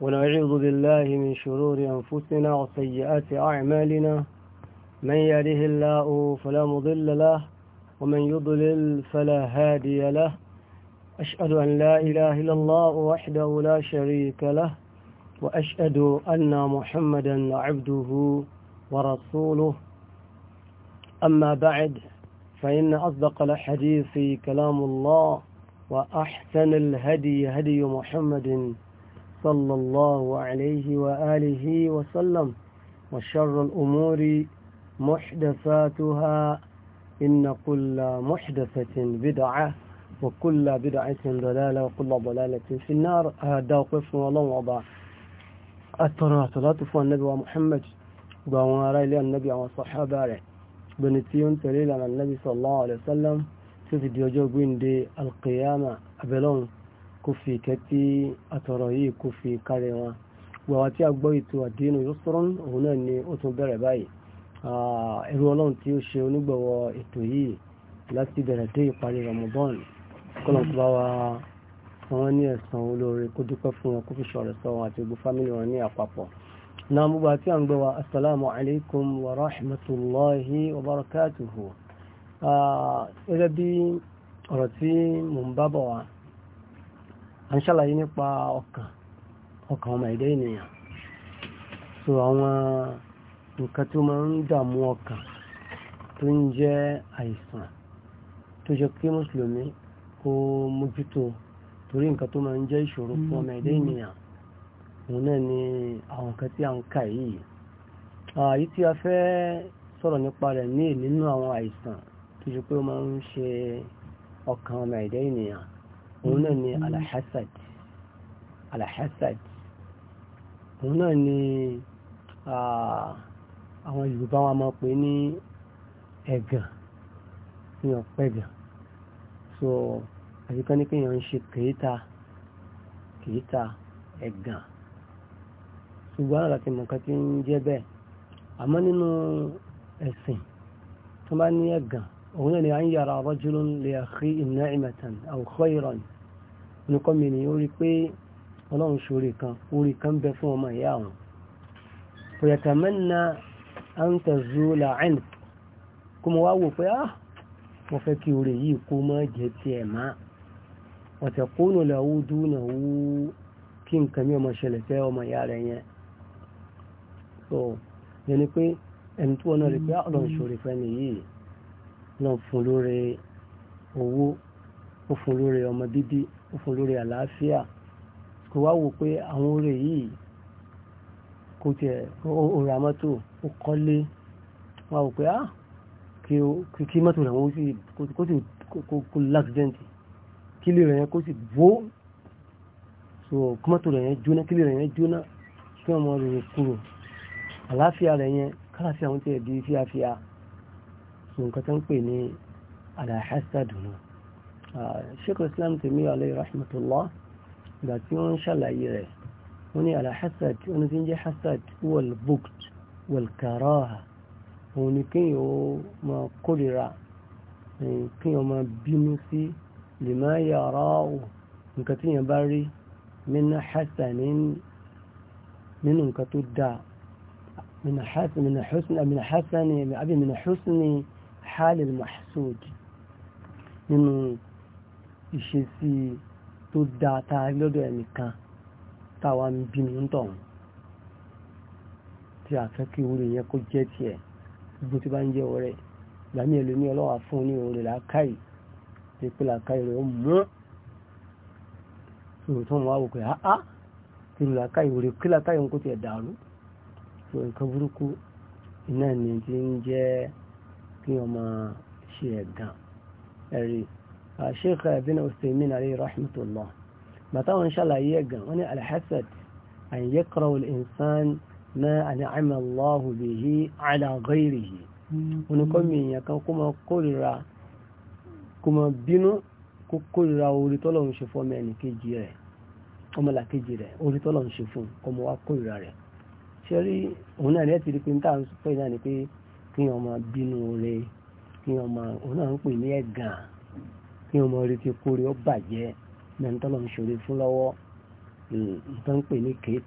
ونعوذ بالله من شرور أنفسنا وسيئات أعمالنا من يهده الله فلا مضل له ومن يضلل فلا هادي له أشهد أن لا إله إلا الله وحده لا شريك له وأشهد أن محمدا عبده ورسوله أما بعد فإن أصدق الحديث كلام الله وأحسن الهدي هدي محمد صلى الله عليه وآله وسلم وشر الأمور محدثاتها إن كل محدثة بدعة وكل بدعة ضلالة وكل ضلالة في النار هذا وقف والله وضع الترى صلاة النبي ومحمد وعلى النبي وصحابه بنتيون تليل على النبي صلى الله عليه وسلم في فيديو جو بين دي القيامة أبلون kó fi ìkẹ́ tí àtọ̀rọ̀ yìí kó fi kárí wọn gbogbo tí a gbọ́ ètò àdínú yusrun òun náà ni ó tún bẹ̀rẹ̀ báyìí ẹrú ọlọ́run tí ó ṣe onígbọ̀wọ́ ètò yìí láti bẹ̀rẹ̀ dé ìparí Ramadan kọ́lọ̀n tó wa fún wọn ní ẹ̀san olóore kó dúpẹ́ fún wọn kó fi ṣọ̀rọ̀ sọ wọn àti gbogbo fámìlì wọn ní àpapọ̀ náà gbogbo àti à ń gbọ́ wa asalaamu alaykum wa rahmatulahi wa barakatuhu gẹ́gẹ́ bí ọ̀rọ̀ tí mò ń bábọ̀ wa ń ṣàlàyé nípa ọkàn ọkàn ọmọ ẹ̀dẹ́ ènìyàn so àwọn nǹkan tó máa ń dààmú ọkàn tó ń jẹ́ àìsàn tó jẹ́ kí mùsùlùmí kó mójútó torí nǹkan tó máa ń jẹ́ ìṣòro fún ọmọ ẹ̀dẹ́ mm-hmm. ènìyàn òun náà ni àwọn nǹkan tí a ń kà yìí àyí tí a fẹ́ sọ̀rọ̀ nípa rẹ̀ ní nínú àwọn àìsàn tó jẹ́ pé ó máa ń ṣe ọkàn ọmọ ẹ̀dẹ́ ènìyàn òun náà ni alahasad alahasad òun náà ni àwọn yorùbá wa máa pè ní ẹ̀gàn ní ọ̀pẹ̀gàn so àyíká ní kéèyàn ń ṣe kèéta kèéta ẹ̀gàn ṣùgbọ́n àwọn àti mọ̀ọ́ká ti ń jẹ́ bẹ́ẹ̀ àmọ́ nínú ẹ̀sìn tó bá ní ẹ̀gàn òun náà ni à ń yàrá rajulun li akhi inna'imatan aw khayran oníkọ́mi ènìyàn ó rí pé ọlọ́run ṣoore kan orí kan bẹ fún ọmọ ìyá àwọn òyàtàmẹ́nà àǹtàzúlà ẹ̀nì kó mọ̀ wá wò pé ah wọ́n fẹ́ kí orí yìí kó mọ́ jẹ́ ti ẹ̀ máa ọ̀tẹ̀kónù lẹ́wọ́ dúnà wú kí nǹkan mí ọmọ ṣẹlẹ̀ tẹ́ ọmọ ìyá rẹ̀ yẹn so yẹn ni pé ẹni tí wọ́n rí pé ah, ọlọ́run ṣoore fẹ́ nìyí náà fún lórí owó ó fún lórí ọmọ bíbí ó fún lórí àlàáfíà kò wá wò pé àwọn oore yìí kò tiẹ̀ ó ra mọ́tò ó kọ́lé wá wò pé ah kí mọ́tò rẹ̀ wọ́n kó sì kó láksidẹ́ǹtì kí lè rẹ̀ yẹn kó sì wó so kí mọ́tò rẹ̀ yẹn jóná kí lè rẹ̀ yẹn jóná kí wọ́n mọ̀ rẹ̀ kúrò àlàáfíà rẹ̀ yẹn kálàáfíà wọn tiẹ̀ di fíafíà so nǹkan tó ń pè ní àlàáfíà dùnú. الشيخ الإسلام تيمية عليه رحمة الله قاتلون إن شاء الله إيه هوني على حسد أنا تنجي حسد هو والكراهة هوني كيو ما قدرة كيو ما بنسي لما يراه نكتين باري من حسن من نكتو دا من حسن من حسن من حسن من حسن حال المحسود من ìṣesí tó dáa ta lọ́dọ̀ ẹnìkan táwa ń bí ní tọ̀hún tí a fẹ́ kí orí yẹn kó jẹ́ tiẹ̀ gbogbo tí bá ń jẹ́ ọ̀rẹ́ ìgbàmí ẹ̀lú ní ọlọ́wà fún ní orí làákàyè tí pé làákàyè rẹ̀ ó mú tó tó wọ́n wò pé tí làákàyè orí kí làákàyè ń kó tiẹ̀ dàrú tó nǹkan burúkú iná ni ti ń jẹ́ kí ọmọ ṣe ẹ̀gàn ẹ̀rí Ah, sheikh bin usaimin alayhi rahmatullah bàtà wọn ṣàlàyé ẹ̀gàn wọn ni alhassad an yaqra al-insan ma an'ama Allahu bihi ala ghayrihi wọn ni kọ́mi èèyàn kan kó máa kórìíra kó máa bínú kó kórìíra orí tọ́lọ́run ṣe fọ́mọ ẹnì kejì rẹ̀ ọmọlàkejì rẹ̀ orí tọ́lọ̀ ń ṣe fún ọmọ wa kórìíra rẹ̀ ṣe rí òun náà rẹ̀ ti rí pé ní táà ń pè náà ni pé kí wọ́n máa bínú rẹ̀ kí wọ́n máa òun náà ń pè ní ẹ̀gàn kí wọn mọ retí kórè ọ bàjẹ́ nàìjíríà ń ṣòro fún lọ́wọ́ nǹkan pè ní kéèké.